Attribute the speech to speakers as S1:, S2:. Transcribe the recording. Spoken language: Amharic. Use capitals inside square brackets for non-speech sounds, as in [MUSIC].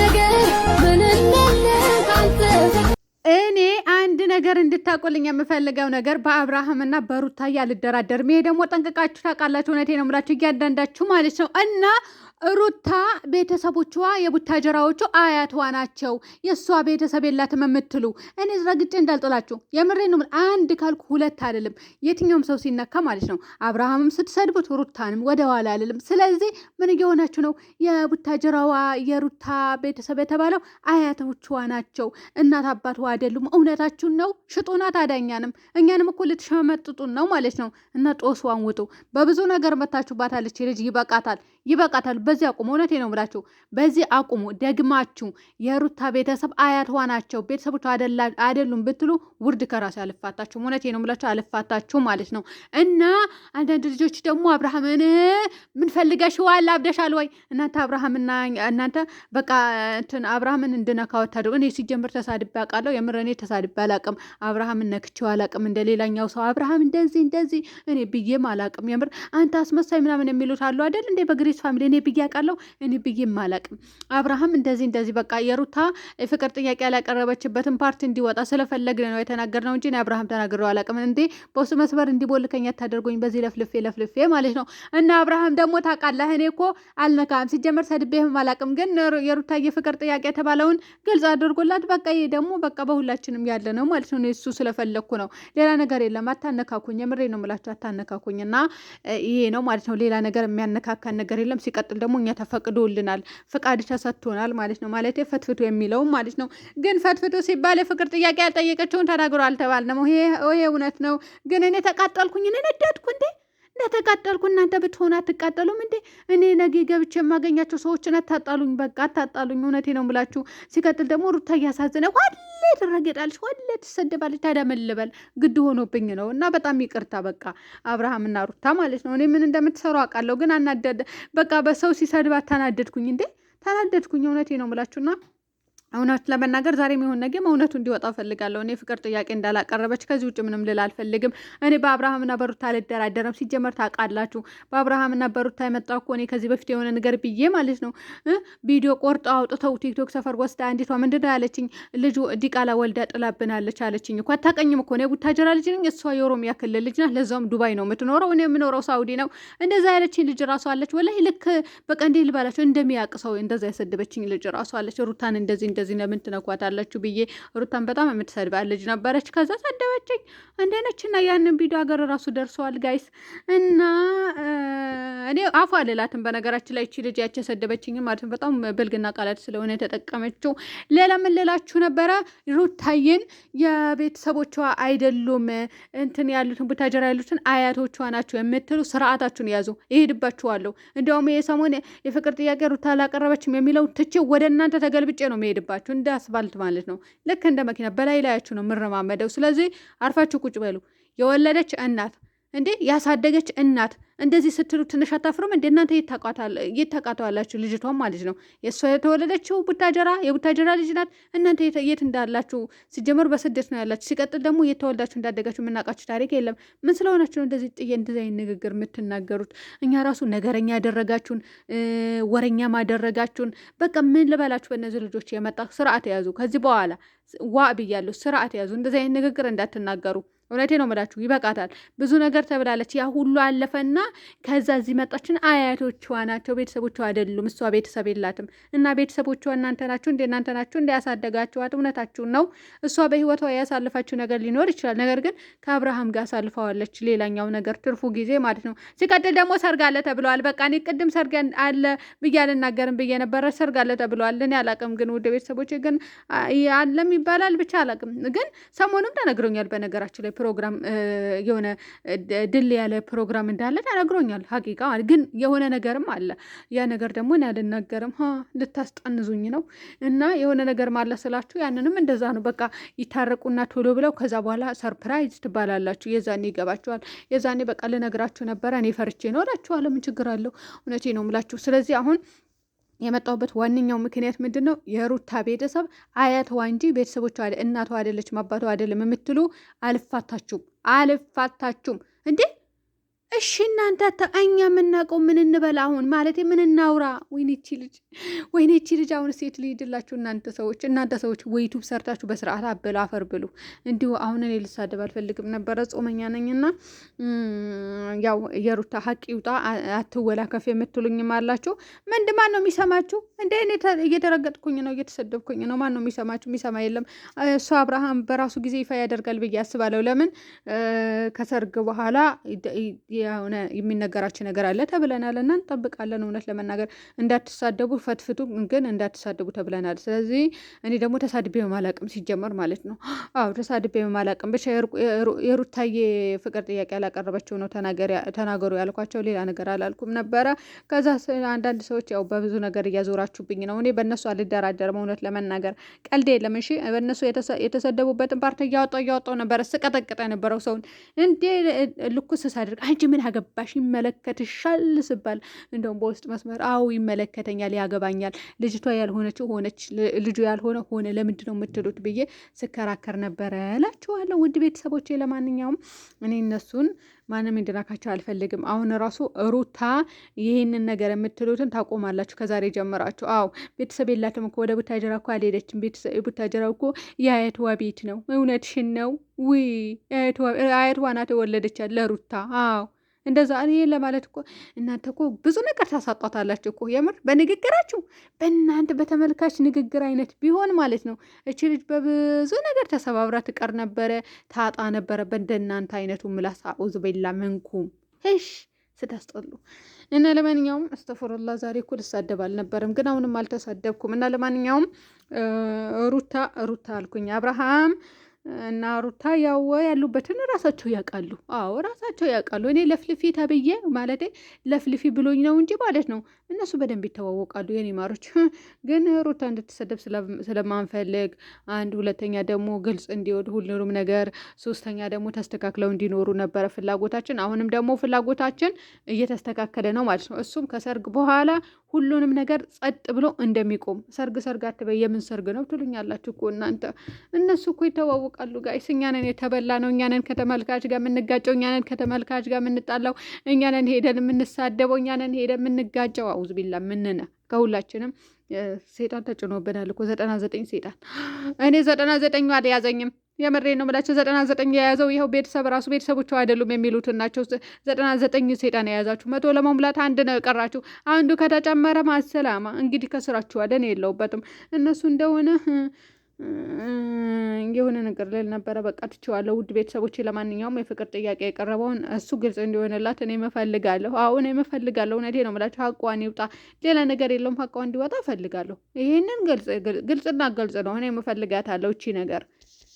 S1: ነገር እኔ አንድ ነገር እንድታቆልኝ የምፈልገው ነገር በአብርሃምና በሩታ አልደራደርም። ይሄ ደግሞ ጠንቅቃችሁ ታውቃላችሁ። እውነቴን ነው የምላችሁ እያንዳንዳችሁ ማለት ነው እና ሩታ ቤተሰቦቿ የቡታጀራዎቹ አያቷ ናቸው። የእሷ ቤተሰብ የላትም የምትሉ እኔ ረግጬ እንዳልጥላችሁ የምሬ ነው። አንድ ካልኩ ሁለት አይደለም። የትኛውም ሰው ሲነካ ማለት ነው። አብርሃምም ስትሰድቡት፣ ሩታንም ወደኋላ አልልም። ስለዚህ ምን እየሆናችሁ ነው? የቡታጀራዋ የሩታ ቤተሰብ የተባለው አያቶቿ ናቸው። እናት አባቷ አይደሉም። እውነታችሁን ነው። ሽጡና ታዳኛንም እኛንም እኮ ልትሸመጥጡን ነው ማለት ነው። እና ጦስዋን ውጡ። በብዙ ነገር መታችሁባታለች። ልጅ ይበቃታል። ይበቃታል። በዚህ አቁሙ። እውነቴ ነው ብላችሁ በዚህ አቁሙ። ደግማችሁ የሩታ ቤተሰብ አያቷ ናቸው ቤተሰቦች አይደሉም ብትሉ ውርድ ከራሴ አልፋታችሁም። እውነቴ ነው ብላችሁ አልፋታችሁ ማለት ነው። እና አንዳንድ ልጆች ደግሞ አብርሃምን ምን ፈልገሽዋል አብደሻል ወይ እናንተ አብርሃምና እናንተ በቃ እንትን አብርሃምን እንድነካ ታደርጉ። እኔ ሲጀምር ተሳድቤ አውቃለሁ። የምር እኔ ተሳድቤ አላውቅም። አብርሃምን ነክቼው አላውቅም። እንደ ሌላኛው ሰው አብርሃም እንደዚህ እንደዚህ እኔ ብዬም አላውቅም። የምር አንተ አስመሳይ ምናምን የሚሉት አሉ አይደል እንዴ በግሬ የሩት ፋሚሊ እኔ ብዬ አውቃለሁ እኔ ብዬ አላውቅም። አብርሃም እንደዚህ እንደዚህ በቃ የሩታ ፍቅር ጥያቄ ያላቀረበችበትን ፓርቲ እንዲወጣ ስለፈለግን ነው የተናገርነው እንጂ አብርሃም ተናግረው አላቅም እንዴ በሱ መስበር እንዲቦልከኝ አታደርጉኝ በዚህ ለፍልፌ ለፍልፌ ማለት ነው። እና አብርሃም ደግሞ ታውቃለህ እኔ እኮ አልነካም ሲጀመር ሰድቤህም አላቅም ግን የሩታ የፍቅር ጥያቄ የተባለውን ግልጽ አድርጎላት በቃ ይሄ ደግሞ በቃ በሁላችንም ያለ ነው ማለት ነው። እሱ ስለፈለግኩ ነው ሌላ ነገር የለም። አታነካኩኝ፣ የምሬ ነው የምላቸው አታነካኩኝ። እና ይሄ ነው ማለት ነው። ሌላ ነገር የሚያነካካን ነገር አይደለም። ሲቀጥል ደግሞ እኛ ተፈቅዶልናል፣ ፍቃድ ተሰጥቶናል ማለት ነው። ማለት ፈትፍቶ የሚለውም ማለት ነው። ግን ፈትፍቶ ሲባል የፍቅር ጥያቄ ያልጠየቀችውን ተናግሮ አልተባል ነው። ይሄ እውነት ነው። ግን እኔ ተቃጠልኩኝ፣ እኔ ነደድኩ እንዴ እንደተቃጠልኩ እናንተ ብትሆን አትቃጠሉም እንዴ? እኔ ነገ ገብቼ የማገኛቸው ሰዎችን አታጣሉኝ። በቃ አታጣሉኝ። እውነቴ ነው ምላችሁ ሲቀጥል ደግሞ ሩታ እያሳዘነ ዋለ ትረገጣለች፣ ዋለ ትሰደባለች። ታዲያ ምን ልበል? ግድ ሆኖብኝ ነው እና በጣም ይቅርታ። በቃ አብርሃምና ሩታ ማለት ነው። እኔ ምን እንደምትሰሩ አውቃለሁ፣ ግን አናደደ በቃ በሰው ሲሰድብ ታናደድኩኝ እንዴ? ታናደድኩኝ። እውነቴ ነው ምላችሁና እውነት ለመናገር ዛሬም ይሁን ነገ እውነቱ እንዲወጣ ፈልጋለሁ። እኔ ፍቅር ጥያቄ እንዳላቀረበች ከዚህ ውጭ ምንም ልል አልፈልግም። እኔ በአብርሃምና በሩታ አልደራደረም። ሲጀመር ታውቃላችሁ፣ በአብርሃምና በሩታ የመጣ እኮ እኔ ከዚህ በፊት የሆነ ነገር ብዬ ማለት ነው ቪዲዮ ቆርጦ አውጥተው ቲክቶክ ሰፈር ወስዳ አንዲቷ ምንድን ነው ያለችኝ? ልጁ ዲቃላ ወልዳ ጥላብናለች አለችኝ እኮ። አታውቀኝም እኮ እኔ ቡታጀራ ልጅ ነኝ፣ እሷ የኦሮሚያ ክልል ልጅ ናት። ለዛውም ዱባይ ነው የምትኖረው፣ እኔ የምኖረው ሳውዲ ነው። እንደዛ ያለችኝ ልጅ ራሷ አለች። ወላሂ ልክ በቀንዴ ልባላቸው እንደሚያውቅ ሰው እንደዛ ያሰደበችኝ ልጅ ራሷ አለች። ሩታን እንደዚህ እንደዚህ ለምን ትነኳታላችሁ ብዬ ሩታን በጣም የምትሰድባት ልጅ ነበረች። ከዛ ሰደበችኝ እንደነች እና ያንን ቪዲዮ ሀገር ራሱ ደርሰዋል ጋይስ እና እኔ አፉ አልላትም። በነገራችን ላይ እቺ ልጅ ያቸ ሰደበችኝ ማለት ነው በጣም ብልግና ቃላት ስለሆነ የተጠቀመችው። ሌላ ምን ልላችሁ ነበረ? ሩታዬን የቤተሰቦቿ አይደሉም እንትን ያሉትን ቡታጀራ ያሉትን አያቶቿ ናቸው የምትሉ ስርዓታችሁን ያዙ። ይሄድባችኋለሁ። እንዲያውም ይሄ ሰሞን የፍቅር ጥያቄ ሩታ አላቀረበችም የሚለው ትቼ ወደ እናንተ ተገልብጬ ነው መሄድባ ያለባችሁ እንደ አስፋልት ማለት ነው። ልክ እንደ መኪና በላይ ላያችሁ ነው የምረማመደው። ስለዚህ አርፋችሁ ቁጭ በሉ። የወለደች እናት እንዴ ያሳደገች እናት እንደዚህ ስትሉ ትንሽ አታፍሩም እንዴ እናንተ? የት ታውቃታላችሁ? ማለት ነው። የእሷ የተወለደችው ቡታጀራ የቡታጀራ ልጅ ናት። እናንተ የት እንዳላችሁ ሲጀመር በስደት ነው ያላችሁ። ሲቀጥል ደግሞ የት ተወልዳችሁ እንዳደጋችሁ የምናውቃችሁ ታሪክ የለም። ምን ስለሆናችሁ ነው እንደዚህ ጥዬ እንደዚህ አይነት ንግግር የምትናገሩት? እኛ ራሱ ነገረኛ ያደረጋችሁን፣ ወረኛ ማደረጋችሁን፣ በቃ ምን ልበላችሁ። በእነዚህ ልጆች የመጣ ስርዓት ያዙ። ከዚህ በኋላ ዋ ብያለሁ። ስርዓት ያዙ። እንደዚህ አይነት ንግግር እንዳትናገሩ። እውነቴ ነው የምላችሁ፣ ይበቃታል። ብዙ ነገር ተብላለች። ያ ሁሉ አለፈና ከዛ እዚህ መጣችን። አያቶቿ ናቸው፣ ቤተሰቦቿ አይደሉም። እሷ ቤተሰብ የላትም እና ቤተሰቦቿ እናንተ ናችሁ፣ እንደ እናንተ ናችሁ፣ እንደ ያሳደጋችኋት። እውነታችሁን ነው። እሷ በህይወቷ ያሳልፋችሁ ነገር ሊኖር ይችላል። ነገር ግን ከአብርሃም ጋር አሳልፈዋለች። ሌላኛው ነገር ትርፉ ጊዜ ማለት ነው። ሲቀጥል ደግሞ ሰርግ አለ ተብለዋል። በቃ እኔ ቅድም ሰርግ አለ ብዬ አልናገርም ብዬ ነበረ። ሰርግ አለ ተብለዋል። እኔ አላቅም፣ ግን ውድ ቤተሰቦች ግን አለም ይባላል ብቻ አላቅም። ግን ሰሞኑም ተነግሮኛል በነገራችን ላይ ፕሮግራም የሆነ ድል ያለ ፕሮግራም እንዳለ ተነግሮኛል። ሀቂቃ ግን የሆነ ነገርም አለ። ያ ነገር ደግሞ እኔ አልናገርም፣ ልታስጠንዙኝ ነው። እና የሆነ ነገር አለ ስላችሁ ያንንም እንደዛ ነው። በቃ ይታረቁና ቶሎ ብለው ከዛ በኋላ ሰርፕራይዝ ትባላላችሁ። የዛኔ ይገባችኋል። የዛኔ በቃ ልነግራችሁ ነበረ እኔ ፈርቼ ነው እላችኋለሁ። ምን ችግር አለው? እውነቴ ነው ምላችሁ ስለዚህ አሁን የመጣሁበት ዋነኛው ምክንያት ምንድን ነው? የሩታ ቤተሰብ አያተዋ እንጂ ቤተሰቦቿ እናቷ አይደለችም፣ አባቷ አይደለም የምትሉ አልፋታችሁም፣ አልፋታችሁም እንዴ እሺ እናንተ እኛ የምናውቀው ምን እንበል? አሁን ማለት ምን እናውራ? ወይኔቺ ልጅ ወይኔቺ ልጅ አሁን ሴት ልሂድላችሁ። እናንተ ሰዎች እናንተ ሰዎች ወይቱብ ሰርታችሁ በስርዓት አበሉ አፈር ብሉ። እንዲሁ አሁን እኔ ልሳደብ አልፈልግም ነበረ ጾመኛ ነኝና፣ ያው የሩታ ሀቅ ይውጣ አትወላ ከፍ የምትሉኝም አላችሁ። ምንድ ማን ነው የሚሰማችሁ እንደ እኔ እየተረገጥኩኝ ነው እየተሰደብኩኝ ነው። ማን ነው የሚሰማችሁ? የሚሰማ የለም። እሱ አብርሃም በራሱ ጊዜ ይፋ ያደርጋል ብዬ አስባለሁ። ለምን ከሰርግ በኋላ የሆነ የሚነገራችሁ ነገር አለ ተብለናል እና እንጠብቃለን። እውነት ለመናገር እንዳትሳደቡ ፈትፍቱ፣ ግን እንዳትሳደቡ ተብለናል። ስለዚህ እኔ ደግሞ ተሳድቤ በማላቅም ሲጀመር ማለት ነው። አዎ ተሳድቤ በማላቅም ብቻ የሩታዬ ፍቅር ጥያቄ ያላቀረበችው ነው ተናገሩ ያልኳቸው፣ ሌላ ነገር አላልኩም ነበረ። ከዛ አንዳንድ ሰዎች ያው በብዙ ነገር እያዞራችሁብኝ ነው። እኔ በእነሱ አልደራደርም። እውነት ለመናገር ቀልድ የለም። እሺ በእነሱ የተሰደቡበትን ፓርቲ እያወጣው እያወጣው ነበረ ስቀጠቅጠ የነበረው ሰውን እንዴ ልኩስ ሳድርግ አንቺ ምን ያገባሽ ይመለከትሻል ስባል እንደውም በውስጥ መስመር አዎ ይመለከተኛል፣ ያገባኛል፣ ልጅቷ ያልሆነች ሆነች፣ ልጁ ያልሆነ ሆነ፣ ለምንድን ነው የምትሉት ብዬ ስከራከር ነበረ እላችኋለሁ። ውድ ቤተሰቦቼ፣ ለማንኛውም እኔ እነሱን ማንም እንድናካቸው አልፈልግም። አሁን ራሱ ሩታ ይህንን ነገር የምትሉትን ታቆማላችሁ ከዛሬ ጀምራችሁ። አዎ ቤተሰብ የላትም እኮ ወደ ቡታጀራ እኮ አልሄደችም። ቡታጀራ እኮ የአየትዋ ቤት ነው። እውነትሽን ነው። ውይ አየትዋ ናት የወለደቻት ለሩታ። አዎ እንደዛ እኔ ለማለት እኮ እናንተ እኮ ብዙ ነገር ታሳጧታላችሁ እኮ የምር በንግግራችሁ በእናንተ በተመልካች ንግግር አይነት ቢሆን ማለት ነው። እቺ ልጅ በብዙ ነገር ተሰባብራ ትቀር ነበረ፣ ታጣ ነበረ። በእንደናንተ አይነቱ ምላስ አዑዝ ቤላ መንኩም ሽ ስታስጠሉ እና ለማንኛውም አስተፈሩላ ዛሬ እኮ ልሳደብ አልነበረም፣ ግን አሁንም አልተሳደብኩም። እና ለማንኛውም ሩታ ሩታ አልኩኝ አብርሃም እና ሩታ ያው ያሉበትን ራሳቸው ያውቃሉ። አዎ ራሳቸው ያውቃሉ። እኔ ለፍልፊ ተብዬ ማለት ለፍልፊ ብሎኝ ነው እንጂ ማለት ነው እነሱ በደንብ ይተዋወቃሉ። የኔ ማሮች [LAUGHS] ግን ሩታ እንድትሰደብ ስለማንፈልግ፣ አንድ ሁለተኛ ደግሞ ግልጽ እንዲወድ ሁሉንም ነገር፣ ሶስተኛ ደግሞ ተስተካክለው እንዲኖሩ ነበረ ፍላጎታችን። አሁንም ደግሞ ፍላጎታችን እየተስተካከለ ነው ማለት ነው። እሱም ከሰርግ በኋላ ሁሉንም ነገር ጸጥ ብሎ እንደሚቆም ሰርግ ሰርግ አትበይ፣ የምን ሰርግ ነው ትሉኛላችሁ እኮ እናንተ። እነሱ እኮ ይተዋወቃሉ ጋይስ። እኛ ነን የተበላ ነው፣ እኛንን ከተመልካች ጋር የምንጋጨው፣ እኛንን ከተመልካች ጋር የምንጣላው፣ እኛንን ሄደን የምንሳደበው፣ እኛንን ነን ሄደን የምንጋጨው። አውዝ ቢላ ምንነ ከሁላችንም ሴጣን ተጭኖብናል እኮ ዘጠና ዘጠኝ ሴጣን። እኔ ዘጠና ዘጠኙ አልያዘኝም። የምሬ ነው የምላቸው። ዘጠና ዘጠኝ የያዘው ይኸው ቤተሰብ ራሱ ቤተሰቦቹ አይደሉም የሚሉትን ናቸው። ዘጠና ዘጠኝ ሴጣን የያዛችሁ መቶ ለመሙላት አንድ ነው የቀራችሁ። አንዱ ከተጨመረ ማሰላማ እንግዲህ ከስራችኋል። የለውበትም እነሱ እንደሆነ የሆነ ነገር ላይ ነበረ። በቃ ትችዋለሁ። ውድ ቤተሰቦች፣ ለማንኛውም የፍቅር ጥያቄ የቀረበውን እሱ ግልጽ እንዲሆንላት እኔ እፈልጋለሁ። አሁን እኔ እፈልጋለሁ። እውነቴ ነው የምላቸው። ሀቋን ይውጣ። ሌላ ነገር የለውም። ሀቋን እንዲወጣ እፈልጋለሁ። ይህንን ግልጽና ግልጽ ነው። እኔ እፈልጋታለሁ እቺ ነገር